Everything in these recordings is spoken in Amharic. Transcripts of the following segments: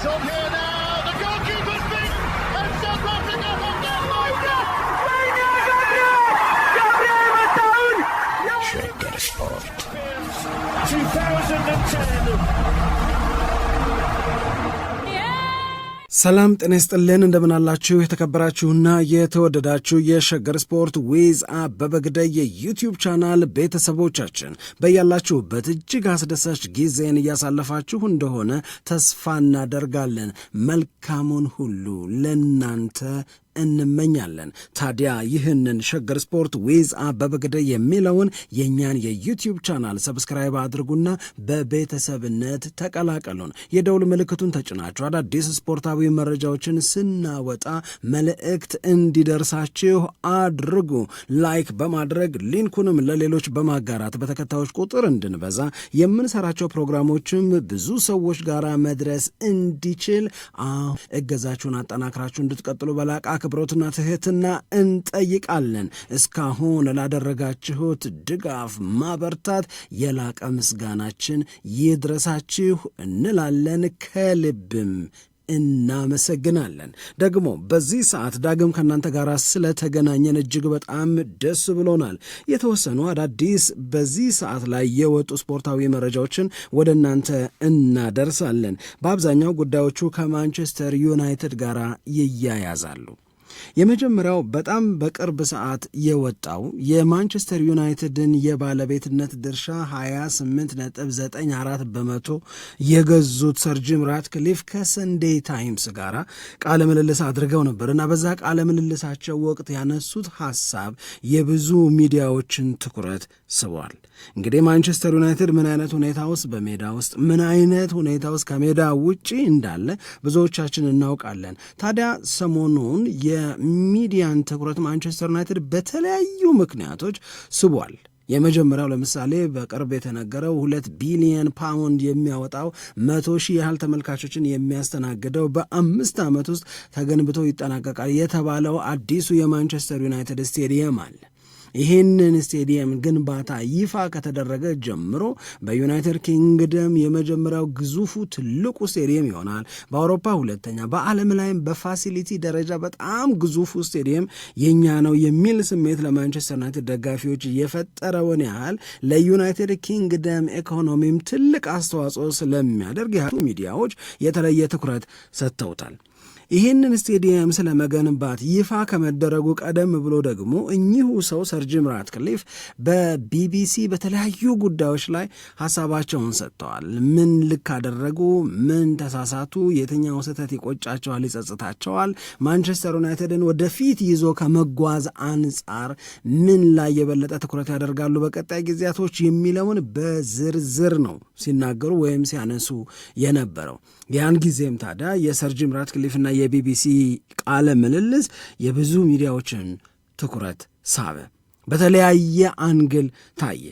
It's okay. ሰላም ጤና ይስጥልን እንደምናላችሁ የተከበራችሁና የተወደዳችሁ የሸገር ስፖርት ዊዝ አበበ ግደይ የዩትዩብ ቻናል ቤተሰቦቻችን በያላችሁበት እጅግ አስደሳች ጊዜን እያሳለፋችሁ እንደሆነ ተስፋ እናደርጋለን። መልካሙን ሁሉ ለናንተ እንመኛለን። ታዲያ ይህንን ሸገር ስፖርት ዊዝ አበበ ግደይ የሚለውን የእኛን የዩቲዩብ ቻናል ሰብስክራይብ አድርጉና በቤተሰብነት ተቀላቀሉን። የደውል ምልክቱን ተጭናችሁ አዳዲስ ስፖርታዊ መረጃዎችን ስናወጣ መልእክት እንዲደርሳችሁ አድርጉ። ላይክ በማድረግ ሊንኩንም ለሌሎች በማጋራት በተከታዮች ቁጥር እንድንበዛ የምንሰራቸው ፕሮግራሞችም ብዙ ሰዎች ጋር መድረስ እንዲችል አሁ እገዛችሁን አጠናክራችሁ እንድትቀጥሉ በላቅ በአክብሮትና ትህትና እንጠይቃለን። እስካሁን ላደረጋችሁት ድጋፍ፣ ማበርታት የላቀ ምስጋናችን ይድረሳችሁ እንላለን ከልብም እናመሰግናለን። ደግሞ በዚህ ሰዓት ዳግም ከእናንተ ጋር ስለተገናኘን እጅግ በጣም ደስ ብሎናል። የተወሰኑ አዳዲስ በዚህ ሰዓት ላይ የወጡ ስፖርታዊ መረጃዎችን ወደ እናንተ እናደርሳለን። በአብዛኛው ጉዳዮቹ ከማንቸስተር ዩናይትድ ጋር ይያያዛሉ። የመጀመሪያው በጣም በቅርብ ሰዓት የወጣው የማንቸስተር ዩናይትድን የባለቤትነት ድርሻ 28.94 በመቶ የገዙት ሰር ጂም ራትክሊፍ ከሰንዴ ታይምስ ጋር ቃለ ምልልስ አድርገው ነበር እና በዛ ቃለ ምልልሳቸው ወቅት ያነሱት ሀሳብ የብዙ ሚዲያዎችን ትኩረት ስቧል። እንግዲህ ማንቸስተር ዩናይትድ ምን አይነት ሁኔታ ውስጥ በሜዳ ውስጥ ምን አይነት ሁኔታ ውስጥ ከሜዳ ውጪ እንዳለ ብዙዎቻችን እናውቃለን። ታዲያ ሰሞኑን የ የሚዲያን ትኩረት ማንቸስተር ዩናይትድ በተለያዩ ምክንያቶች ስቧል። የመጀመሪያው ለምሳሌ በቅርብ የተነገረው ሁለት ቢሊየን ፓውንድ የሚያወጣው መቶ ሺህ ያህል ተመልካቾችን የሚያስተናግደው በአምስት ዓመት ውስጥ ተገንብቶ ይጠናቀቃል የተባለው አዲሱ የማንቸስተር ዩናይትድ ስቴዲየም አለ። ይህንን ስቴዲየም ግንባታ ይፋ ከተደረገ ጀምሮ በዩናይትድ ኪንግደም የመጀመሪያው ግዙፉ ትልቁ ስቴዲየም ይሆናል። በአውሮፓ ሁለተኛ፣ በዓለም ላይም በፋሲሊቲ ደረጃ በጣም ግዙፉ ስቴዲየም የኛ ነው የሚል ስሜት ለማንቸስተር ዩናይትድ ደጋፊዎች የፈጠረውን ያህል ለዩናይትድ ኪንግደም ኢኮኖሚም ትልቅ አስተዋጽኦ ስለሚያደርግ ያሉ ሚዲያዎች የተለየ ትኩረት ሰጥተውታል። ይህንን ስቴዲየም ስለመገንባት ይፋ ከመደረጉ ቀደም ብሎ ደግሞ እኚሁ ሰው ሰር ራትክሊፍ በቢቢሲ በተለያዩ ጉዳዮች ላይ ሀሳባቸውን ሰጥተዋል። ምን ልክ አደረጉ? ምን ተሳሳቱ? የትኛው ስህተት ይቆጫቸዋል፣ ይጸጽታቸዋል? ማንቸስተር ዩናይትድን ወደፊት ይዞ ከመጓዝ አንጻር ምን ላይ የበለጠ ትኩረት ያደርጋሉ በቀጣይ ጊዜያቶች የሚለውን በዝርዝር ነው ሲናገሩ ወይም ሲያነሱ የነበረው። ያን ጊዜም ታዲያ የሰር ጂም ራትክሊፍና የቢቢሲ ቃለ ምልልስ የብዙ ሚዲያዎችን ትኩረት ሳበ፣ በተለያየ አንግል ታየ።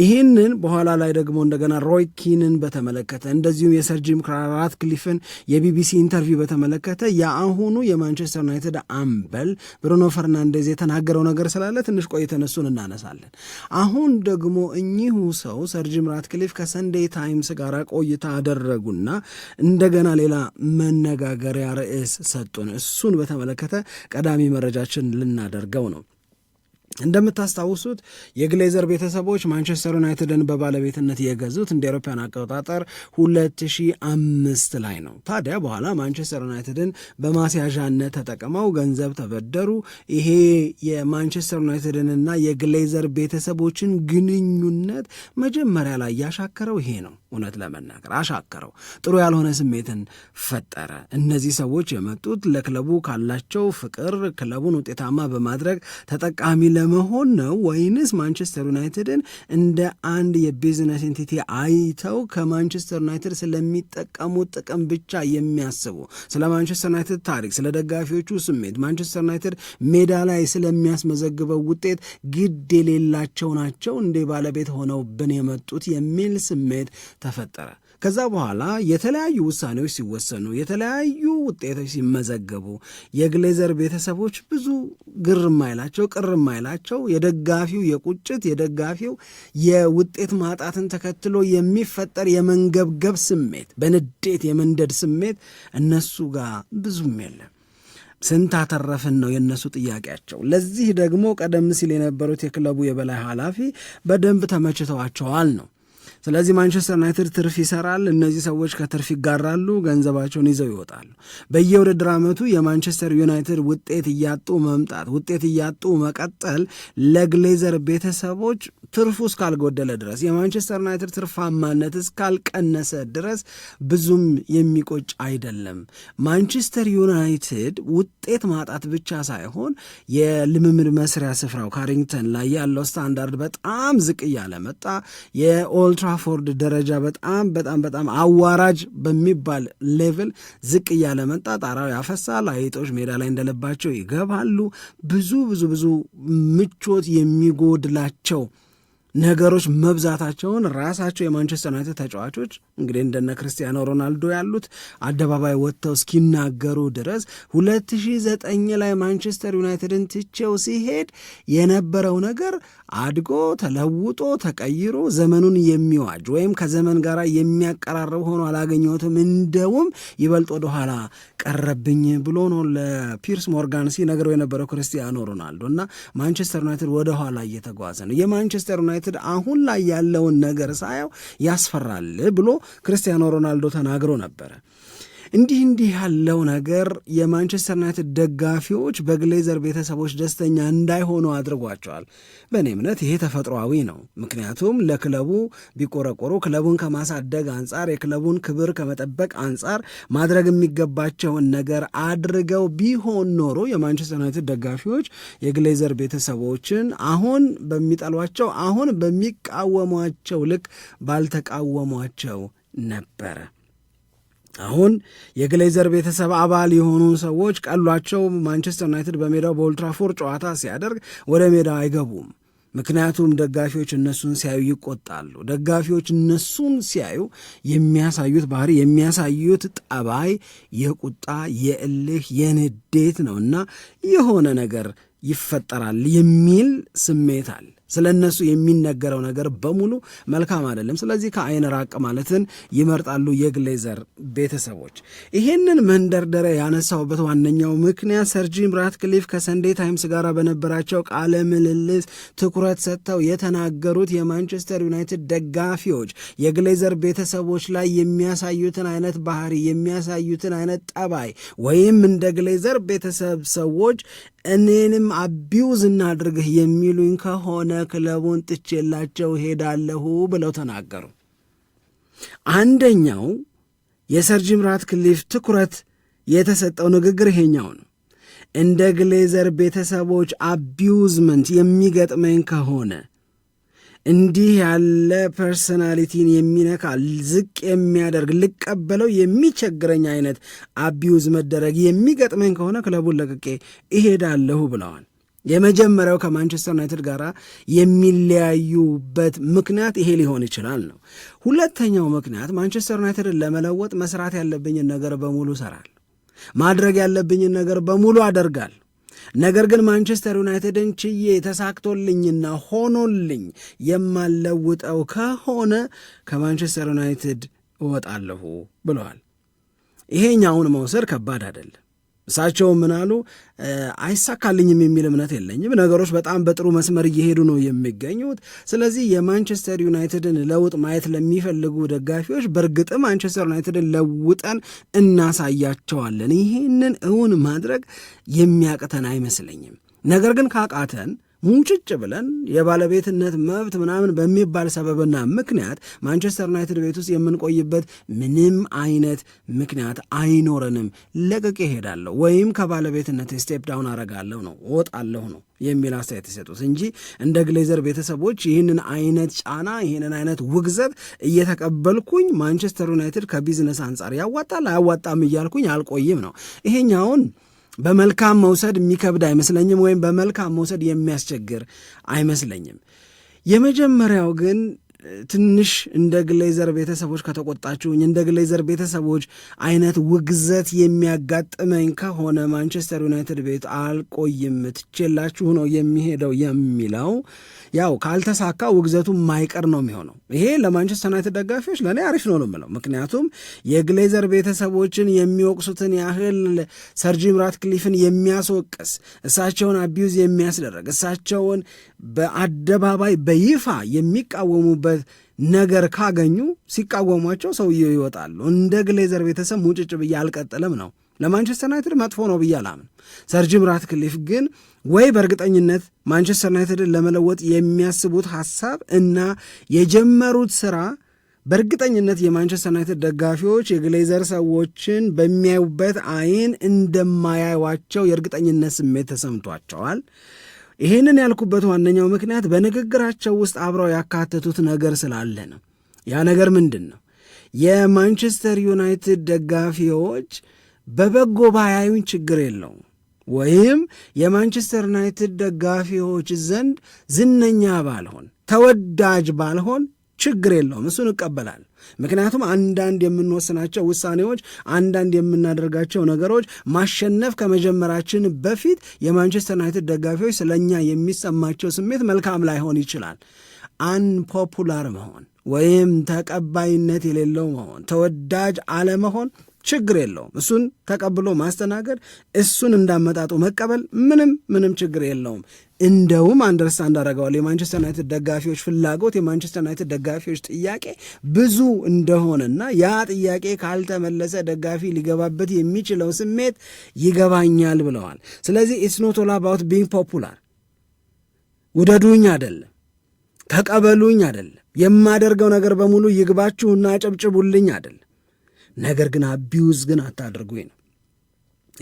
ይህንን በኋላ ላይ ደግሞ እንደገና ሮይ ኪንን በተመለከተ እንደዚሁም የሰር ጂም ራትክሊፍን የቢቢሲ ኢንተርቪው በተመለከተ የአሁኑ የማንቸስተር ዩናይትድ አምበል ብሩኖ ፈርናንዴዝ የተናገረው ነገር ስላለ ትንሽ ቆይተን እሱን እናነሳለን። አሁን ደግሞ እኚሁ ሰው ሰር ጂም ራትክሊፍ ከሰንዴ ታይምስ ጋር ቆይታ አደረጉና እንደገና ሌላ መነጋገሪያ ርዕስ ሰጡን። እሱን በተመለከተ ቀዳሚ መረጃችን ልናደርገው ነው። እንደምታስታውሱት የግሌዘር ቤተሰቦች ማንቸስተር ዩናይትድን በባለቤትነት የገዙት እንደ አውሮፓውያን አቆጣጠር 2005 ላይ ነው። ታዲያ በኋላ ማንቸስተር ዩናይትድን በማስያዣነት ተጠቅመው ገንዘብ ተበደሩ። ይሄ የማንቸስተር ዩናይትድንና የግሌዘር ቤተሰቦችን ግንኙነት መጀመሪያ ላይ ያሻከረው ይሄ ነው። እውነት ለመናገር አሻከረው፣ ጥሩ ያልሆነ ስሜትን ፈጠረ። እነዚህ ሰዎች የመጡት ለክለቡ ካላቸው ፍቅር ክለቡን ውጤታማ በማድረግ ተጠቃሚ ለመሆን ነው ወይንስ ማንቸስተር ዩናይትድን እንደ አንድ የቢዝነስ ኤንቲቲ አይተው ከማንቸስተር ዩናይትድ ስለሚጠቀሙ ጥቅም ብቻ የሚያስቡ ስለ ማንቸስተር ዩናይትድ ታሪክ፣ ስለ ደጋፊዎቹ ስሜት፣ ማንቸስተር ዩናይትድ ሜዳ ላይ ስለሚያስመዘግበው ውጤት ግድ የሌላቸው ናቸው እንዴ ባለቤት ብን የመጡት የሚል ስሜት ተፈጠረ። ከዛ በኋላ የተለያዩ ውሳኔዎች ሲወሰኑ፣ የተለያዩ ውጤቶች ሲመዘገቡ የግሌዘር ቤተሰቦች ብዙ ግር ማይላቸው ቅር ማይላቸው የደጋፊው የቁጭት የደጋፊው የውጤት ማጣትን ተከትሎ የሚፈጠር የመንገብገብ ስሜት፣ በንዴት የመንደድ ስሜት እነሱ ጋር ብዙም የለም። ስንት አተረፍን ነው የእነሱ ጥያቄያቸው። ለዚህ ደግሞ ቀደም ሲል የነበሩት የክለቡ የበላይ ኃላፊ በደንብ ተመችተዋቸዋል ነው ስለዚህ ማንቸስተር ዩናይትድ ትርፍ ይሰራል። እነዚህ ሰዎች ከትርፍ ይጋራሉ፣ ገንዘባቸውን ይዘው ይወጣሉ። በየውድድር ዓመቱ የማንቸስተር ዩናይትድ ውጤት እያጡ መምጣት፣ ውጤት እያጡ መቀጠል ለግሌዘር ቤተሰቦች ትርፉ እስካልጎደለ ድረስ የማንቸስተር ዩናይትድ ትርፋማነት እስካልቀነሰ ድረስ ብዙም የሚቆጭ አይደለም። ማንቸስተር ዩናይትድ ውጤት ማጣት ብቻ ሳይሆን የልምምድ መስሪያ ስፍራው ካሪንግተን ላይ ያለው ስታንዳርድ በጣም ዝቅ እያለ መጣ የኦልትራ በትራፎርድ ደረጃ በጣም በጣም በጣም አዋራጅ በሚባል ሌቭል ዝቅ እያለ መጣ። ጣራው ያፈሳል። አይጦች ሜዳ ላይ እንደለባቸው ይገባሉ። ብዙ ብዙ ብዙ ምቾት የሚጎድላቸው ነገሮች መብዛታቸውን ራሳቸው የማንቸስተር ዩናይትድ ተጫዋቾች እንግዲህ እንደነ ክርስቲያኖ ሮናልዶ ያሉት አደባባይ ወጥተው እስኪናገሩ ድረስ 2009 ላይ ማንቸስተር ዩናይትድን ትቼው ሲሄድ የነበረው ነገር አድጎ ተለውጦ ተቀይሮ ዘመኑን የሚዋጅ ወይም ከዘመን ጋር የሚያቀራርብ ሆኖ አላገኘሁትም። እንደውም ይበልጥ ወደኋላ ቀረብኝ ብሎ ነው ለፒርስ ሞርጋን ሲነግረው የነበረው ክርስቲያኖ ሮናልዶ እና ማንቸስተር ዩናይትድ ወደ ኋላ እየተጓዘ ነው። የማንቸስተር ዩናይትድ አሁን ላይ ያለውን ነገር ሳየው ያስፈራል ብሎ ክርስቲያኖ ሮናልዶ ተናግሮ ነበረ። እንዲህ እንዲህ ያለው ነገር የማንቸስተር ዩናይትድ ደጋፊዎች በግሌዘር ቤተሰቦች ደስተኛ እንዳይሆኑ አድርጓቸዋል። በእኔ እምነት ይሄ ተፈጥሯዊ ነው። ምክንያቱም ለክለቡ ቢቆረቆሩ ክለቡን ከማሳደግ አንጻር፣ የክለቡን ክብር ከመጠበቅ አንጻር ማድረግ የሚገባቸውን ነገር አድርገው ቢሆን ኖሮ የማንቸስተር ዩናይትድ ደጋፊዎች የግሌዘር ቤተሰቦችን አሁን በሚጠሏቸው አሁን በሚቃወሟቸው ልክ ባልተቃወሟቸው ነበረ። አሁን የግሌዘር ቤተሰብ አባል የሆኑ ሰዎች ቀሏቸው ማንቸስተር ዩናይትድ በሜዳው በኦልትራፎርድ ጨዋታ ሲያደርግ ወደ ሜዳው አይገቡም። ምክንያቱም ደጋፊዎች እነሱን ሲያዩ ይቆጣሉ። ደጋፊዎች እነሱን ሲያዩ የሚያሳዩት ባህሪ የሚያሳዩት ጠባይ የቁጣ፣ የእልህ፣ የንዴት ነው እና የሆነ ነገር ይፈጠራል የሚል ስሜት አለ። ስለ እነሱ የሚነገረው ነገር በሙሉ መልካም አይደለም። ስለዚህ ከአይን ራቅ ማለትን ይመርጣሉ የግሌዘር ቤተሰቦች። ይሄንን መንደርደሪያ ያነሳውበት ዋነኛው ምክንያት ሰር ጂም ራትክሊፍ ከሰንዴ ታይምስ ጋር በነበራቸው ቃለ ምልልስ ትኩረት ሰጥተው የተናገሩት የማንቸስተር ዩናይትድ ደጋፊዎች የግሌዘር ቤተሰቦች ላይ የሚያሳዩትን አይነት ባህሪ የሚያሳዩትን አይነት ጠባይ ወይም እንደ ግሌዘር ቤተሰብ ሰዎች እኔንም አቢውዝ እናድርግህ የሚሉኝ ከሆነ ክለቡን ጥቼላቸው ሄዳለሁ ብለው ተናገሩ። አንደኛው የሰር ጂም ራትክሊፍ ትኩረት የተሰጠው ንግግር ይሄኛው ነው። እንደ ግሌዘር ቤተሰቦች አቢውዝመንት የሚገጥመኝ ከሆነ እንዲህ ያለ ፐርሰናሊቲን የሚነካ ዝቅ የሚያደርግ ልቀበለው የሚቸግረኝ አይነት አቢዩዝ መደረግ የሚገጥመኝ ከሆነ ክለቡን ለቅቄ እሄዳለሁ ብለዋል። የመጀመሪያው ከማንቸስተር ዩናይትድ ጋር የሚለያዩበት ምክንያት ይሄ ሊሆን ይችላል ነው። ሁለተኛው ምክንያት ማንቸስተር ዩናይትድን ለመለወጥ መስራት ያለብኝን ነገር በሙሉ እሰራለሁ፣ ማድረግ ያለብኝን ነገር በሙሉ አደርጋል። ነገር ግን ማንቸስተር ዩናይትድን ችዬ ተሳክቶልኝና ሆኖልኝ የማለውጠው ከሆነ ከማንቸስተር ዩናይትድ እወጣለሁ ብለዋል። ይሄኛውን መውሰድ ከባድ አይደለም። እሳቸው ምን አሉ? አይሳካልኝም የሚል እምነት የለኝም። ነገሮች በጣም በጥሩ መስመር እየሄዱ ነው የሚገኙት። ስለዚህ የማንቸስተር ዩናይትድን ለውጥ ማየት ለሚፈልጉ ደጋፊዎች በእርግጥ ማንቸስተር ዩናይትድን ለውጠን እናሳያቸዋለን። ይህንን እውን ማድረግ የሚያቅተን አይመስለኝም። ነገር ግን ካቃተን ሙጭጭ ብለን የባለቤትነት መብት ምናምን በሚባል ሰበብና ምክንያት ማንቸስተር ዩናይትድ ቤት ውስጥ የምንቆይበት ምንም አይነት ምክንያት አይኖረንም። ለቅቄ እሄዳለሁ ወይም ከባለቤትነት ስቴፕ ዳውን አረጋለሁ ነው ወጣለሁ ነው የሚል አስተያየት የሰጡት እንጂ እንደ ግሌዘር ቤተሰቦች ይህንን አይነት ጫና ይህንን አይነት ውግዘት እየተቀበልኩኝ ማንቸስተር ዩናይትድ ከቢዝነስ አንጻር ያዋጣል አያዋጣም እያልኩኝ አልቆይም ነው ይሄኛውን በመልካም መውሰድ የሚከብድ አይመስለኝም፣ ወይም በመልካም መውሰድ የሚያስቸግር አይመስለኝም። የመጀመሪያው ግን ትንሽ እንደ ግሌዘር ቤተሰቦች ከተቆጣችሁኝ እንደ ግሌዘር ቤተሰቦች አይነት ውግዘት የሚያጋጥመኝ ከሆነ ማንቸስተር ዩናይትድ ቤት አልቆይም፣ ትቼላችሁ ነው የሚሄደው የሚለው ያው ካልተሳካ ውግዘቱ ማይቀር ነው የሚሆነው። ይሄ ለማንቸስተር ዩናይትድ ደጋፊዎች ለእኔ አሪፍ ነው ነው የምለው ምክንያቱም የግሌዘር ቤተሰቦችን የሚወቅሱትን ያህል ሰር ጂም ራትክሊፍን የሚያስወቅስ እሳቸውን አቢዩዝ የሚያስደረግ እሳቸውን በአደባባይ በይፋ የሚቃወሙበት የሚሉበት ነገር ካገኙ ሲቃወሟቸው ሰውየው ይወጣሉ። እንደ ግሌዘር ቤተሰብ ሙጭጭ ብዬ አልቀጥልም ነው። ለማንቸስተር ዩናይትድ መጥፎ ነው ብዬ አላምን። ሰር ጂም ራትክሊፍ ግን ወይ በእርግጠኝነት ማንቸስተር ዩናይትድን ለመለወጥ የሚያስቡት ሐሳብ እና የጀመሩት ስራ በእርግጠኝነት የማንቸስተር ዩናይትድ ደጋፊዎች የግሌዘር ሰዎችን በሚያዩበት አይን እንደማያዩቸው የእርግጠኝነት ስሜት ተሰምቷቸዋል። ይህንን ያልኩበት ዋነኛው ምክንያት በንግግራቸው ውስጥ አብረው ያካተቱት ነገር ስላለ ነው። ያ ነገር ምንድን ነው? የማንቸስተር ዩናይትድ ደጋፊዎች በበጎ ባያዩን ችግር የለውም ወይም የማንቸስተር ዩናይትድ ደጋፊዎች ዘንድ ዝነኛ ባልሆን ተወዳጅ ባልሆን ችግር የለውም። እሱን እቀበላል። ምክንያቱም አንዳንድ የምንወስናቸው ውሳኔዎች፣ አንዳንድ የምናደርጋቸው ነገሮች ማሸነፍ ከመጀመራችን በፊት የማንቸስተር ዩናይትድ ደጋፊዎች ስለኛ የሚሰማቸው ስሜት መልካም ላይሆን ይችላል። አንፖፑላር መሆን ወይም ተቀባይነት የሌለው መሆን፣ ተወዳጅ አለመሆን ችግር የለውም። እሱን ተቀብሎ ማስተናገድ፣ እሱን እንዳመጣጡ መቀበል ምንም ምንም ችግር የለውም። እንደውም አንደርስታንድ አደረገዋል። የማንቸስተር ዩናይትድ ደጋፊዎች ፍላጎት፣ የማንቸስተር ዩናይትድ ደጋፊዎች ጥያቄ ብዙ እንደሆነና ያ ጥያቄ ካልተመለሰ ደጋፊ ሊገባበት የሚችለው ስሜት ይገባኛል ብለዋል። ስለዚህ ኢትስ ኖት ኦል አባውት ቢንግ ፖፑላር፣ ውደዱኝ አይደለም ተቀበሉኝ አይደለም የማደርገው ነገር በሙሉ ይግባችሁና ጨብጭቡልኝ አይደለም ነገር ግን አቢዩዝ ግን አታድርጉኝ ነው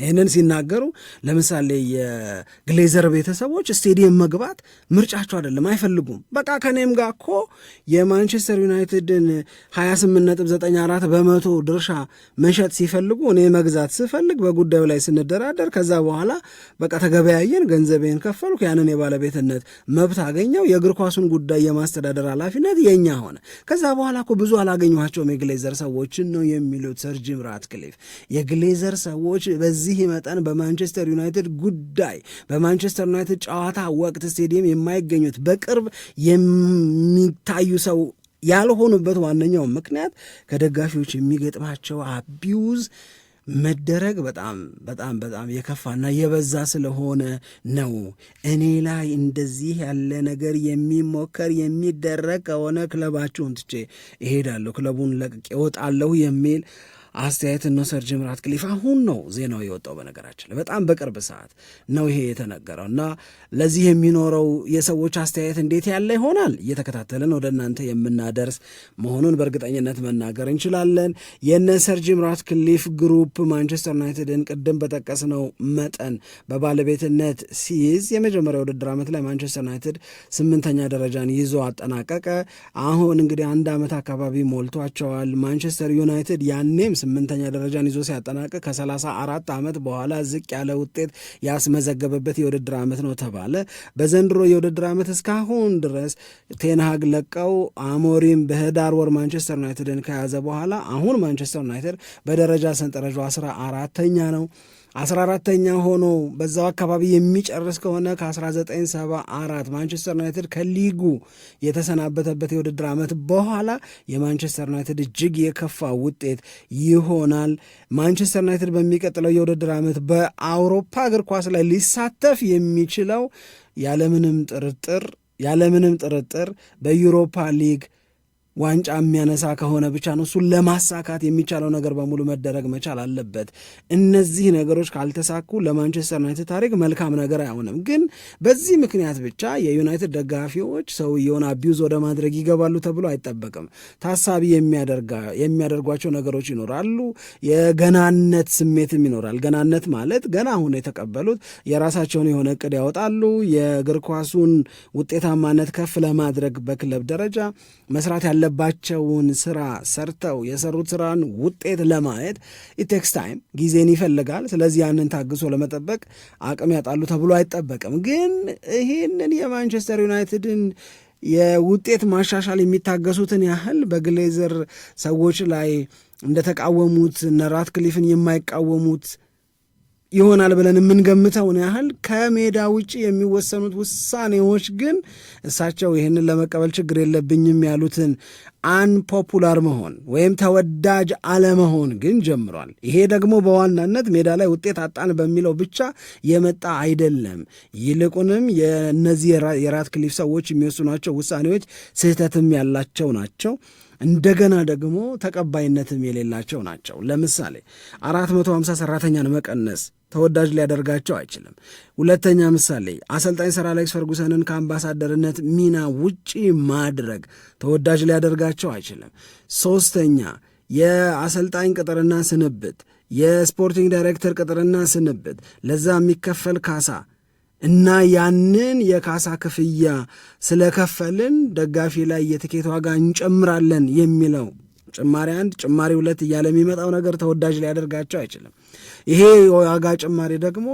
ይህንን ሲናገሩ ለምሳሌ የግሌዘር ቤተሰቦች ስቴዲየም መግባት ምርጫቸው አይደለም፣ አይፈልጉም። በቃ ከኔም ጋር እኮ የማንቸስተር ዩናይትድን 28.94 በመቶ ድርሻ መሸጥ ሲፈልጉ እኔ መግዛት ስፈልግ በጉዳዩ ላይ ስንደራደር ከዛ በኋላ በቃ ተገበያየን፣ ገንዘቤን ከፈልኩ፣ ያንን የባለቤትነት መብት አገኘው፣ የእግር ኳሱን ጉዳይ የማስተዳደር ኃላፊነት የኛ ሆነ። ከዛ በኋላ እኮ ብዙ አላገኘኋቸውም የግሌዘር ሰዎችን ነው የሚሉት ሰር ጂም ራትክሊፍ የግሌዘር ሰዎች በዚህ በዚህ መጠን በማንቸስተር ዩናይትድ ጉዳይ በማንቸስተር ዩናይትድ ጨዋታ ወቅት ስቴዲየም የማይገኙት በቅርብ የሚታዩ ሰው ያልሆኑበት ዋነኛው ምክንያት ከደጋፊዎች የሚገጥማቸው አቢውዝ መደረግ በጣም በጣም በጣም የከፋና የበዛ ስለሆነ ነው። እኔ ላይ እንደዚህ ያለ ነገር የሚሞከር የሚደረግ ከሆነ ክለባችሁን ትቼ እሄዳለሁ፣ ክለቡን ለቅቄ እወጣለሁ የሚል አስተያየት እንውሰድ። ጅም ራትክሊፍ አሁን ነው ዜናው የወጣው፣ በነገራችን ላይ በጣም በቅርብ ሰዓት ነው ይሄ የተነገረው እና ለዚህ የሚኖረው የሰዎች አስተያየት እንዴት ያለ ይሆናል እየተከታተልን ወደ እናንተ የምናደርስ መሆኑን በእርግጠኝነት መናገር እንችላለን። የነ ሰር ጅም ራትክሊፍ ግሩፕ ማንቸስተር ዩናይትድን ቅድም በጠቀስነው መጠን በባለቤትነት ሲይዝ የመጀመሪያ ውድድር ዓመት ላይ ማንቸስተር ዩናይትድ ስምንተኛ ደረጃን ይዞ አጠናቀቀ። አሁን እንግዲህ አንድ ዓመት አካባቢ ሞልቷቸዋል። ማንቸስተር ዩናይትድ ያኔም ስምንተኛ ደረጃን ይዞ ሲያጠናቅቅ ከሰላሳ 34 ዓመት በኋላ ዝቅ ያለ ውጤት ያስመዘገበበት የውድድር ዓመት ነው ተባለ። በዘንድሮ የውድድር ዓመት እስካሁን ድረስ ቴንሃግ ለቀው አሞሪም በህዳር ወር ማንቸስተር ዩናይትድን ከያዘ በኋላ አሁን ማንቸስተር ዩናይትድ በደረጃ ሰንጠረዡ አስራ አራተኛ ነው። አስራ ተኛ ሆኖ በዛው አካባቢ የሚጨርስ ከሆነ ከ1974 ማንቸስተር ዩናይትድ ከሊጉ የተሰናበተበት የውድድር ዓመት በኋላ የማንቸስተር ዩናይትድ እጅግ የከፋ ውጤት ይሆናል። ማንቸስተር ዩናይትድ በሚቀጥለው የውድድር ዓመት በአውሮፓ እግር ኳስ ላይ ሊሳተፍ የሚችለው ያለምንም ጥርጥር ያለምንም ጥርጥር በዩሮፓ ሊግ ዋንጫ የሚያነሳ ከሆነ ብቻ ነው እሱን ለማሳካት የሚቻለው ነገር በሙሉ መደረግ መቻል አለበት። እነዚህ ነገሮች ካልተሳኩ ለማንቸስተር ዩናይትድ ታሪክ መልካም ነገር አይሆንም። ግን በዚህ ምክንያት ብቻ የዩናይትድ ደጋፊዎች ሰውየውን አቢዩዝ ወደ ማድረግ ይገባሉ ተብሎ አይጠበቅም። ታሳቢ የሚያደርጓቸው ነገሮች ይኖራሉ። የገናነት ስሜትም ይኖራል። ገናነት ማለት ገና አሁን የተቀበሉት የራሳቸውን የሆነ እቅድ ያወጣሉ። የእግር ኳሱን ውጤታማነት ከፍ ለማድረግ በክለብ ደረጃ መስራት ያለ የሚገባቸውን ስራ ሰርተው የሰሩት ስራን ውጤት ለማየት ኢቴክስ ታይም ጊዜን ይፈልጋል። ስለዚህ ያንን ታግሶ ለመጠበቅ አቅም ያጣሉ ተብሎ አይጠበቅም። ግን ይህንን የማንቸስተር ዩናይትድን የውጤት ማሻሻል የሚታገሱትን ያህል በግሌዘር ሰዎች ላይ እንደተቃወሙት እነ ራትክሊፍን የማይቃወሙት ይሆናል ብለን የምንገምተውን ያህል ከሜዳ ውጭ የሚወሰኑት ውሳኔዎች ግን እሳቸው ይህንን ለመቀበል ችግር የለብኝም ያሉትን አንፖፑላር መሆን ወይም ተወዳጅ አለመሆን ግን ጀምሯል። ይሄ ደግሞ በዋናነት ሜዳ ላይ ውጤት አጣን በሚለው ብቻ የመጣ አይደለም። ይልቁንም የእነዚህ የራትክሊፍ ሰዎች የሚወስኗቸው ውሳኔዎች ስህተትም ያላቸው ናቸው። እንደገና ደግሞ ተቀባይነትም የሌላቸው ናቸው። ለምሳሌ 450 ሰራተኛን መቀነስ ተወዳጅ ሊያደርጋቸው አይችልም። ሁለተኛ ምሳሌ አሰልጣኝ ሰር አሌክስ ፈርጉሰንን ከአምባሳደርነት ሚና ውጪ ማድረግ ተወዳጅ ሊያደርጋቸው አይችልም። ሶስተኛ የአሰልጣኝ ቅጥርና ስንብት፣ የስፖርቲንግ ዳይሬክተር ቅጥርና ስንብት፣ ለዛ የሚከፈል ካሳ እና ያንን የካሳ ክፍያ ስለከፈልን ደጋፊ ላይ የትኬት ዋጋ እንጨምራለን የሚለው ጭማሪ አንድ ጭማሪ ሁለት እያለ የሚመጣው ነገር ተወዳጅ ሊያደርጋቸው አይችልም። ይሄ የዋጋ ጭማሪ ደግሞ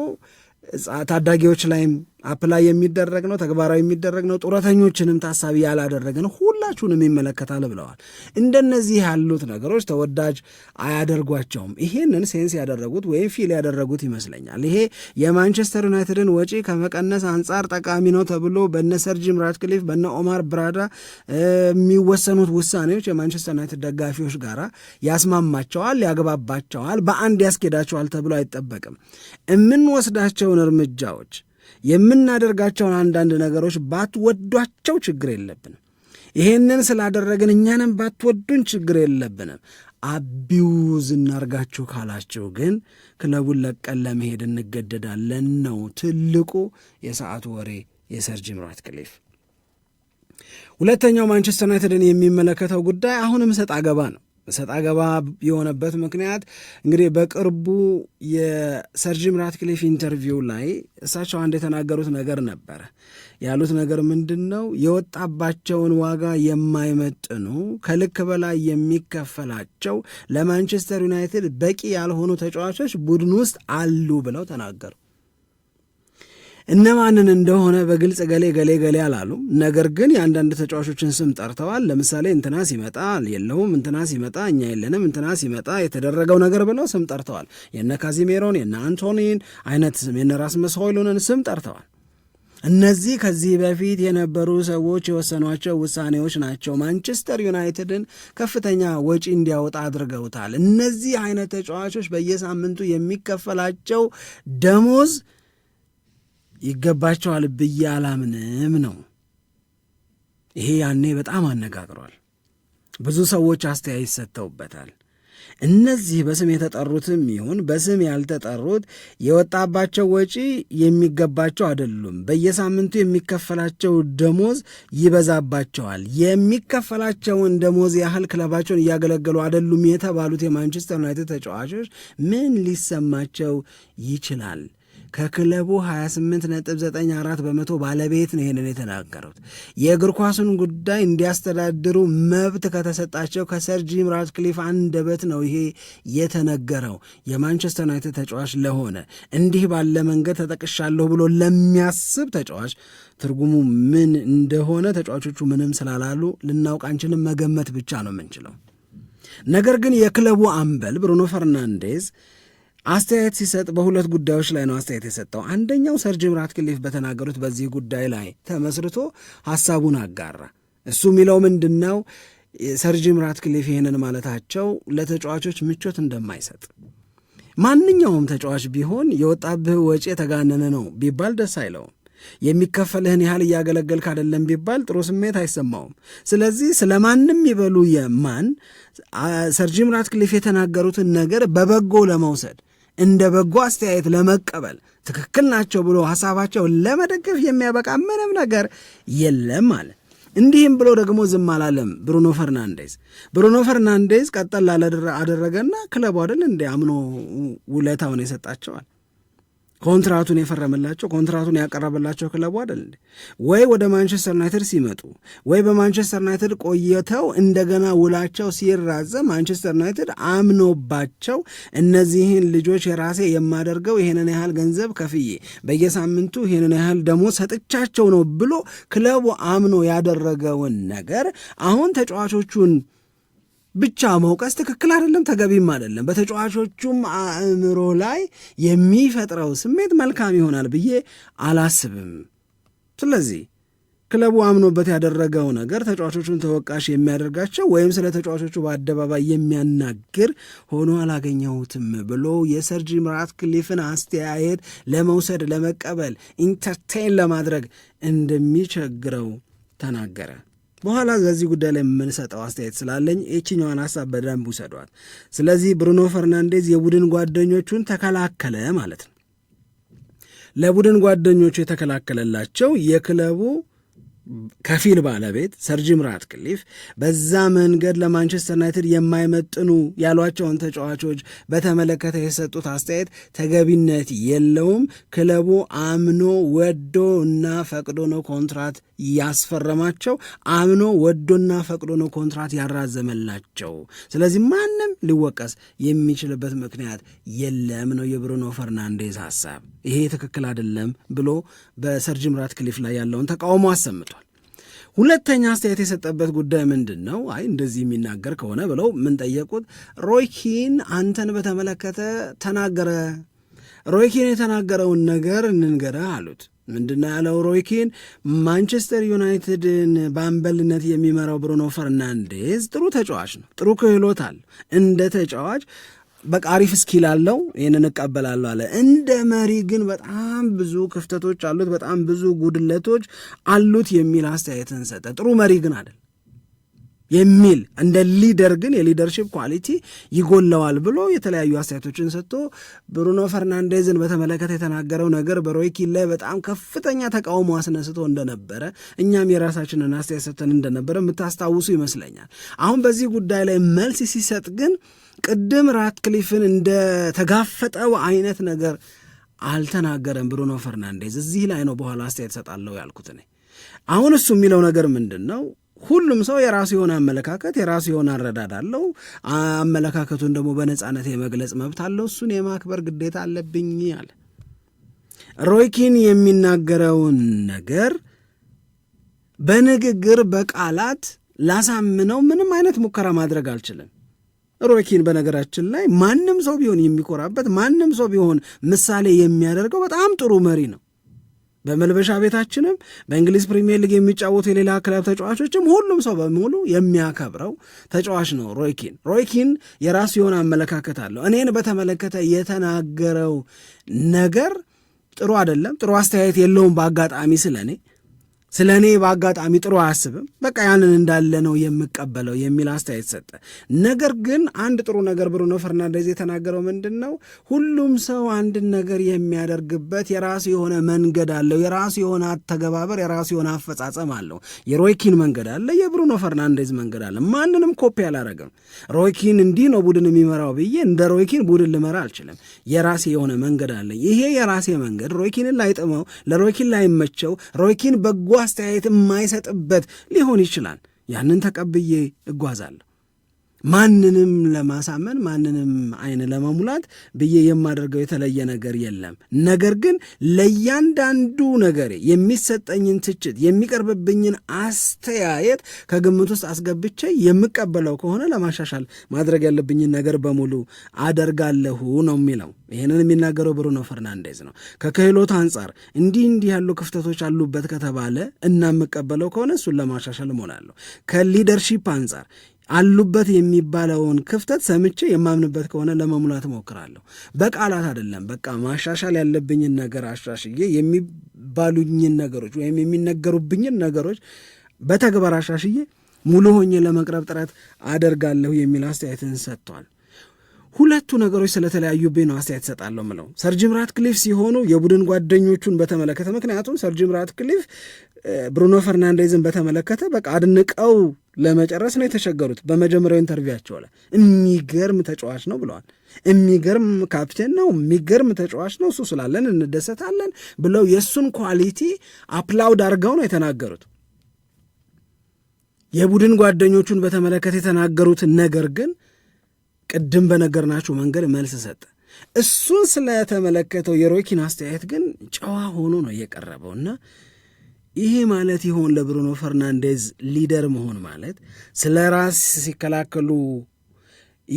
ታዳጊዎች ላይም አፕላይ የሚደረግ ነው፣ ተግባራዊ የሚደረግ ነው፣ ጡረተኞችንም ታሳቢ ያላደረገ ነው፣ ሁላችሁንም ይመለከታል ብለዋል። እንደነዚህ ያሉት ነገሮች ተወዳጅ አያደርጓቸውም። ይሄንን ሴንስ ያደረጉት ወይም ፊል ያደረጉት ይመስለኛል። ይሄ የማንቸስተር ዩናይትድን ወጪ ከመቀነስ አንጻር ጠቃሚ ነው ተብሎ በነ ሰር ጂም ራትክሊፍ በነ ኦማር ብራዳ የሚወሰኑት ውሳኔዎች የማንቸስተር ዩናይትድ ደጋፊዎች ጋር ያስማማቸዋል፣ ያግባባቸዋል፣ በአንድ ያስኬዳቸዋል ተብሎ አይጠበቅም። የምንወስዳቸውን እርምጃዎች የምናደርጋቸውን አንዳንድ ነገሮች ባትወዷቸው ችግር የለብንም። ይሄንን ስላደረግን እኛንም ባትወዱን ችግር የለብንም። አቢውዝ እናርጋችሁ ካላችሁ ግን ክለቡን ለቀን ለመሄድ እንገደዳለን ነው ትልቁ የሰዓቱ ወሬ የሰር ጂም ራትክሊፍ። ሁለተኛው ማንቸስተር ዩናይትድን የሚመለከተው ጉዳይ አሁንም ሰጥ አገባ ነው። ሰጣ ገባ የሆነበት ምክንያት እንግዲህ በቅርቡ የሰርጂም ራትክሊፍ ኢንተርቪው ላይ እሳቸው አንድ የተናገሩት ነገር ነበረ። ያሉት ነገር ምንድን ነው? የወጣባቸውን ዋጋ የማይመጥኑ ከልክ በላይ የሚከፈላቸው ለማንቸስተር ዩናይትድ በቂ ያልሆኑ ተጫዋቾች ቡድን ውስጥ አሉ ብለው ተናገሩ። እነማንን እንደሆነ በግልጽ ገሌ ገሌ ገሌ አላሉም። ነገር ግን የአንዳንድ ተጫዋቾችን ስም ጠርተዋል። ለምሳሌ እንትና ሲመጣ የለውም፣ እንትና ሲመጣ እኛ የለንም፣ እንትና ሲመጣ የተደረገው ነገር ብለው ስም ጠርተዋል። የነ ካዚሜሮን የነ አንቶኒን አይነት የነ ራስመስ ሆይሉንን ስም ጠርተዋል። እነዚህ ከዚህ በፊት የነበሩ ሰዎች የወሰኗቸው ውሳኔዎች ናቸው ማንቸስተር ዩናይትድን ከፍተኛ ወጪ እንዲያወጣ አድርገውታል። እነዚህ አይነት ተጫዋቾች በየሳምንቱ የሚከፈላቸው ደሞዝ ይገባቸዋል ብዬ አላምንም ነው። ይሄ ያኔ በጣም አነጋግሯል። ብዙ ሰዎች አስተያየት ሰጥተውበታል። እነዚህ በስም የተጠሩትም ይሁን በስም ያልተጠሩት የወጣባቸው ወጪ የሚገባቸው አይደሉም። በየሳምንቱ የሚከፈላቸው ደሞዝ ይበዛባቸዋል። የሚከፈላቸውን ደሞዝ ያህል ክለባቸውን እያገለገሉ አይደሉም የተባሉት የማንቸስተር ዩናይትድ ተጫዋቾች ምን ሊሰማቸው ይችላል? ከክለቡ 28.94 በመቶ ባለቤት ነው። ይህንን የተናገሩት የእግር ኳሱን ጉዳይ እንዲያስተዳድሩ መብት ከተሰጣቸው ከሰር ጂም ራትክሊፍ አንደበት ነው ይሄ የተነገረው። የማንቸስተር ዩናይትድ ተጫዋች ለሆነ እንዲህ ባለ መንገድ ተጠቅሻለሁ ብሎ ለሚያስብ ተጫዋች ትርጉሙ ምን እንደሆነ ተጫዋቾቹ ምንም ስላላሉ ልናውቅ አንችልም፣ መገመት ብቻ ነው የምንችለው። ነገር ግን የክለቡ አምበል ብሩኖ ፈርናንዴዝ አስተያየት ሲሰጥ በሁለት ጉዳዮች ላይ ነው አስተያየት የሰጠው። አንደኛው ሰር ጂም ራትክሊፍ በተናገሩት በዚህ ጉዳይ ላይ ተመስርቶ ሀሳቡን አጋራ። እሱ የሚለው ምንድን ነው? ሰር ጂም ራትክሊፍ ይህንን ማለታቸው ለተጫዋቾች ምቾት እንደማይሰጥ ማንኛውም ተጫዋች ቢሆን የወጣብህ ወጪ የተጋነነ ነው ቢባል ደስ አይለውም። የሚከፈልህን ያህል እያገለገልክ አይደለም ቢባል ጥሩ ስሜት አይሰማውም። ስለዚህ ስለ ማንም ይበሉ የማን ሰር ጂም ራትክሊፍ የተናገሩትን ነገር በበጎ ለመውሰድ እንደ በጎ አስተያየት ለመቀበል ትክክል ናቸው ብሎ ሐሳባቸው ለመደገፍ የሚያበቃ ምንም ነገር የለም አለ። እንዲህም ብሎ ደግሞ ዝም አላለም ብሩኖ ፈርናንዴዝ። ብሩኖ ፈርናንዴዝ ቀጠል አደረገና ክለቡ አይደል እንዲ አምኖ ውለታውን የሰጣቸዋል ኮንትራቱን የፈረመላቸው ኮንትራቱን ያቀረበላቸው ክለቡ አይደል ወይ? ወደ ማንቸስተር ዩናይትድ ሲመጡ ወይ በማንቸስተር ዩናይትድ ቆይተው እንደገና ውላቸው ሲራዘም ማንቸስተር ዩናይትድ አምኖባቸው እነዚህን ልጆች የራሴ የማደርገው ይሄንን ያህል ገንዘብ ከፍዬ በየሳምንቱ ይሄንን ያህል ደግሞ ሰጥቻቸው ነው ብሎ ክለቡ አምኖ ያደረገውን ነገር አሁን ተጫዋቾቹን ብቻ መውቀስ ትክክል አይደለም፣ ተገቢም አይደለም። በተጫዋቾቹም አእምሮ ላይ የሚፈጥረው ስሜት መልካም ይሆናል ብዬ አላስብም። ስለዚህ ክለቡ አምኖበት ያደረገው ነገር ተጫዋቾቹን ተወቃሽ የሚያደርጋቸው ወይም ስለ ተጫዋቾቹ በአደባባይ የሚያናግር ሆኖ አላገኘሁትም ብሎ የሰር ራትክሊፍን አስተያየት ለመውሰድ ለመቀበል ኢንተርቴን ለማድረግ እንደሚቸግረው ተናገረ። በኋላ በዚህ ጉዳይ ላይ የምንሰጠው አስተያየት ስላለኝ የችኛዋን ሀሳብ በደንብ ውሰዷት። ስለዚህ ብሩኖ ፈርናንዴዝ የቡድን ጓደኞቹን ተከላከለ ማለት ነው። ለቡድን ጓደኞቹ የተከላከለላቸው የክለቡ ከፊል ባለቤት ሰር ጂም ራትክሊፍ በዛ መንገድ ለማንቸስተር ዩናይትድ የማይመጥኑ ያሏቸውን ተጫዋቾች በተመለከተ የሰጡት አስተያየት ተገቢነት የለውም። ክለቡ አምኖ ወዶ እና ፈቅዶ ነው ኮንትራት ያስፈረማቸው፣ አምኖ ወዶና ፈቅዶ ነው ኮንትራት ያራዘመላቸው። ስለዚህ ማንም ሊወቀስ የሚችልበት ምክንያት የለም ነው የብሩኖ ፈርናንዴዝ ሀሳብ። ይሄ ትክክል አይደለም ብሎ በሰር ጂም ራትክሊፍ ላይ ያለውን ተቃውሞ አሰምቷል። ሁለተኛ አስተያየት የሰጠበት ጉዳይ ምንድን ነው? አይ እንደዚህ የሚናገር ከሆነ ብለው ምን ጠየቁት? ሮይኪን አንተን በተመለከተ ተናገረ። ሮይኪን የተናገረውን ነገር እንንገረ አሉት። ምንድነው ያለው? ሮይኪን ማንቸስተር ዩናይትድን በአምበልነት የሚመራው ብሩኖ ፈርናንዴዝ ጥሩ ተጫዋች ነው፣ ጥሩ ክህሎት አለው። እንደ ተጫዋች በቃ አሪፍ ስኪል አለው፣ ይህንን እቀበላለሁ አለ። እንደ መሪ ግን በጣም ብዙ ክፍተቶች አሉት፣ በጣም ብዙ ጉድለቶች አሉት የሚል አስተያየትን ሰጠ። ጥሩ መሪ ግን አይደል የሚል እንደ ሊደር ግን የሊደርሽፕ ኳሊቲ ይጎለዋል ብሎ የተለያዩ አስተያየቶችን ሰጥቶ ብሩኖ ፈርናንዴዝን በተመለከተ የተናገረው ነገር በሮይኪን ላይ በጣም ከፍተኛ ተቃውሞ አስነስቶ እንደነበረ እኛም የራሳችንን አስተያየት ሰጥተን እንደነበረ የምታስታውሱ ይመስለኛል። አሁን በዚህ ጉዳይ ላይ መልስ ሲሰጥ ግን ቅድም ራትክሊፍን እንደተጋፈጠው አይነት ነገር አልተናገረም። ብሩኖ ፈርናንዴዝ እዚህ ላይ ነው በኋላ አስተያየት ሰጣለሁ ያልኩት እኔ። አሁን እሱ የሚለው ነገር ምንድን ነው? ሁሉም ሰው የራሱ የሆነ አመለካከት የራሱ የሆነ አረዳድ አለው። አመለካከቱን ደግሞ በነጻነት የመግለጽ መብት አለው። እሱን የማክበር ግዴታ አለብኝ አለ። ሮይኪን የሚናገረውን ነገር በንግግር በቃላት ላሳምነው ምንም አይነት ሙከራ ማድረግ አልችልም። ሮይኪን በነገራችን ላይ ማንም ሰው ቢሆን የሚኮራበት ማንም ሰው ቢሆን ምሳሌ የሚያደርገው በጣም ጥሩ መሪ ነው። በመልበሻ ቤታችንም በእንግሊዝ ፕሪሚየር ሊግ የሚጫወቱ የሌላ ክለብ ተጫዋቾችም ሁሉም ሰው በሙሉ የሚያከብረው ተጫዋች ነው ሮይኪን። ሮይኪን የራሱ የሆነ አመለካከት አለው። እኔን በተመለከተ የተናገረው ነገር ጥሩ አይደለም፣ ጥሩ አስተያየት የለውም በአጋጣሚ ስለ እኔ ስለ እኔ በአጋጣሚ ጥሩ አያስብም፣ በቃ ያንን እንዳለ ነው የምቀበለው የሚል አስተያየት ሰጠ። ነገር ግን አንድ ጥሩ ነገር ብሩኖ ፈርናንዴዝ የተናገረው ምንድን ነው? ሁሉም ሰው አንድን ነገር የሚያደርግበት የራሱ የሆነ መንገድ አለው፣ የራሱ የሆነ አተገባበር፣ የራሱ የሆነ አፈጻጸም አለው። የሮይኪን መንገድ አለ፣ የብሩኖ ፈርናንዴዝ መንገድ አለ። ማንንም ኮፒ አላረግም። ሮይኪን እንዲህ ነው ቡድን የሚመራው ብዬ እንደ ሮይኪን ቡድን ልመራ አልችልም። የራሴ የሆነ መንገድ አለ። ይሄ የራሴ መንገድ ሮይኪንን ላይጥመው፣ ለሮይኪን ላይመቸው፣ ሮይኪን በጓ አስተያየት የማይሰጥበት ሊሆን ይችላል። ያንን ተቀብዬ እጓዛለሁ። ማንንም ለማሳመን ማንንም አይን ለመሙላት ብዬ የማደርገው የተለየ ነገር የለም። ነገር ግን ለእያንዳንዱ ነገር የሚሰጠኝን ትችት፣ የሚቀርብብኝን አስተያየት ከግምት ውስጥ አስገብቼ የምቀበለው ከሆነ ለማሻሻል ማድረግ ያለብኝን ነገር በሙሉ አደርጋለሁ ነው የሚለው። ይህንን የሚናገረው ብሩኖ ፈርናንዴዝ ነው። ከክህሎት አንጻር እንዲህ እንዲህ ያሉ ክፍተቶች አሉበት ከተባለ እና የምቀበለው ከሆነ እሱን ለማሻሻል እሞላለሁ። ከሊደርሺፕ አንጻር አሉበት የሚባለውን ክፍተት ሰምቼ የማምንበት ከሆነ ለመሙላት እሞክራለሁ። በቃላት አይደለም፣ በቃ ማሻሻል ያለብኝን ነገር አሻሽዬ የሚባሉኝን ነገሮች ወይም የሚነገሩብኝን ነገሮች በተግባር አሻሽዬ ሙሉ ሆኜ ለመቅረብ ጥረት አደርጋለሁ የሚል አስተያየትን ሰጥቷል። ሁለቱ ነገሮች ስለተለያዩብኝ ነው አስተያየት ሰጣለሁ ምለው ሰር ጂም ራትክሊፍ ሲሆኑ የቡድን ጓደኞቹን በተመለከተ ምክንያቱም ሰር ጂም ራትክሊፍ ብሩኖ ፈርናንዴዝን በተመለከተ በቃ አድንቀው ለመጨረስ ነው የተቸገሩት። በመጀመሪያው ኢንተርቪዋቸው ላይ የሚገርም ተጫዋች ነው ብለዋል። የሚገርም ካፕቴን ነው፣ የሚገርም ተጫዋች ነው፣ እሱ ስላለን እንደሰታለን ብለው የእሱን ኳሊቲ አፕላውድ አድርገው ነው የተናገሩት። የቡድን ጓደኞቹን በተመለከተ የተናገሩት ነገር ግን ቅድም በነገርናችሁ መንገድ መልስ ሰጠ። እሱን ስለተመለከተው የሮኪን አስተያየት ግን ጨዋ ሆኖ ነው እና። ይሄ ማለት ይሆን ለብሩኖ ፈርናንዴዝ ሊደር መሆን ማለት ስለ ራስ ሲከላከሉ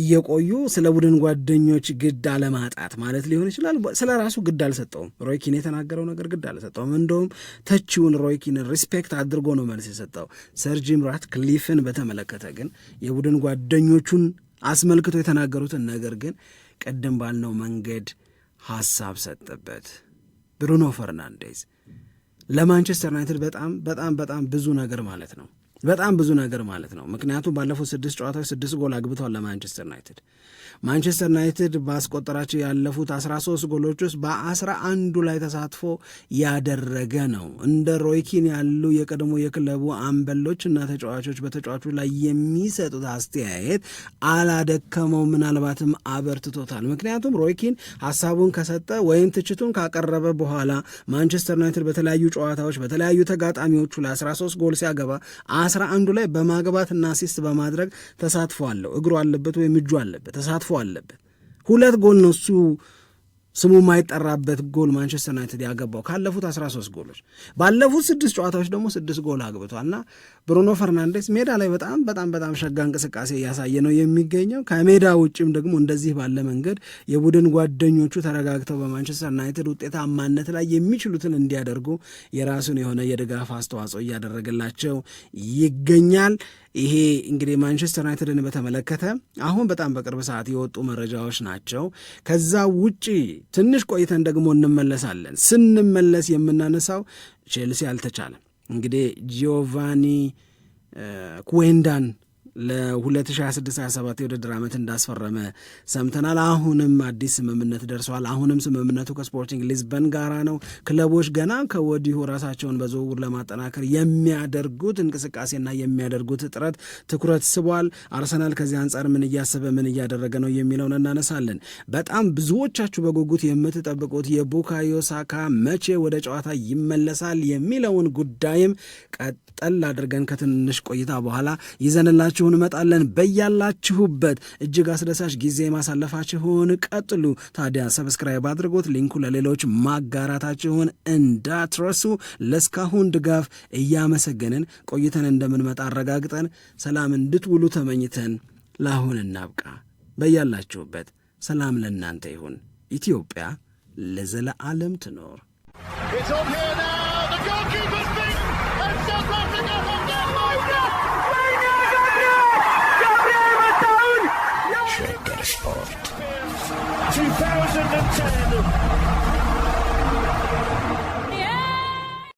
እየቆዩ ስለ ቡድን ጓደኞች ግድ አለማጣት ማለት ሊሆን ይችላል። ስለ ራሱ ግድ አልሰጠውም። ሮይኪን የተናገረው ነገር ግድ አልሰጠውም። እንደውም ተቺውን ሮይኪን ሪስፔክት አድርጎ ነው መልስ የሰጠው። ሰር ጂም ራትክሊፍን በተመለከተ ግን የቡድን ጓደኞቹን አስመልክቶ የተናገሩትን ነገር ግን ቅድም ባልነው መንገድ ሀሳብ ሰጠበት ብሩኖ ፈርናንዴዝ ለማንቸስተር ዩናይትድ በጣም በጣም በጣም ብዙ ነገር ማለት ነው። በጣም ብዙ ነገር ማለት ነው። ምክንያቱም ባለፉት ስድስት ጨዋታዎች ስድስት ጎል አግብተዋል ለማንቸስተር ዩናይትድ። ማንቸስተር ዩናይትድ ባስቆጠራቸው ያለፉት 13 ጎሎች ውስጥ በአስራ አንዱ ላይ ተሳትፎ ያደረገ ነው። እንደ ሮይኪን ያሉ የቀድሞ የክለቡ አምበሎች እና ተጫዋቾች በተጫዋቾች ላይ የሚሰጡት አስተያየት አላደከመው፣ ምናልባትም አበርትቶታል። ምክንያቱም ሮይኪን ሀሳቡን ከሰጠ ወይም ትችቱን ካቀረበ በኋላ ማንቸስተር ዩናይትድ በተለያዩ ጨዋታዎች በተለያዩ ተጋጣሚዎቹ ላይ 13 ጎል ሲያገባ አስራ አንዱ ላይ በማግባትና አሲስት በማድረግ ተሳትፎ አለው። እግሩ አለበት ወይም እጁ አለበት፣ ተሳትፎ አለበት። ሁለት ጎል ነው እሱ ስሙ የማይጠራበት ጎል ማንቸስተር ዩናይትድ ያገባው ካለፉት 13 ጎሎች ባለፉት ስድስት ጨዋታዎች ደግሞ ስድስት ጎል አግብቷል እና ብሩኖ ፈርናንዴስ ሜዳ ላይ በጣም በጣም በጣም ሸጋ እንቅስቃሴ እያሳየ ነው የሚገኘው። ከሜዳ ውጭም ደግሞ እንደዚህ ባለ መንገድ የቡድን ጓደኞቹ ተረጋግተው በማንቸስተር ዩናይትድ ውጤታማነት ላይ የሚችሉትን እንዲያደርጉ የራሱን የሆነ የድጋፍ አስተዋጽኦ እያደረገላቸው ይገኛል። ይሄ እንግዲህ ማንቸስተር ዩናይትድን በተመለከተ አሁን በጣም በቅርብ ሰዓት የወጡ መረጃዎች ናቸው። ከዛ ውጪ ትንሽ ቆይተን ደግሞ እንመለሳለን። ስንመለስ የምናነሳው ቼልሲ አልተቻለም። እንግዲህ ጂዮቫኒ ኩዌንዳን ለ2026/27 የውድድር ዓመት እንዳስፈረመ ሰምተናል። አሁንም አዲስ ስምምነት ደርሷል። አሁንም ስምምነቱ ከስፖርቲንግ ሊዝበን ጋራ ነው። ክለቦች ገና ከወዲሁ ራሳቸውን በዝውውር ለማጠናከር የሚያደርጉት እንቅስቃሴና የሚያደርጉት ጥረት ትኩረት ስቧል። አርሰናል ከዚህ አንጻር ምን እያሰበ ምን እያደረገ ነው የሚለውን እናነሳለን። በጣም ብዙዎቻችሁ በጉጉት የምትጠብቁት የቡካዮ ሳካ መቼ ወደ ጨዋታ ይመለሳል የሚለውን ጉዳይም ቀጠል አድርገን ከትንሽ ቆይታ በኋላ ይዘንላችሁ ይዘንላችሁ እንመጣለን። በያላችሁበት እጅግ አስደሳች ጊዜ ማሳለፋችሁን ቀጥሉ። ታዲያ ሰብስክራይብ አድርጎት ሊንኩ ለሌሎች ማጋራታችሁን እንዳትረሱ። ለእስካሁን ድጋፍ እያመሰገንን ቆይተን እንደምንመጣ አረጋግጠን ሰላም እንድትውሉ ተመኝተን ለአሁን እናብቃ። በያላችሁበት ሰላም ለእናንተ ይሁን። ኢትዮጵያ ለዘለዓለም ትኖር። 2010.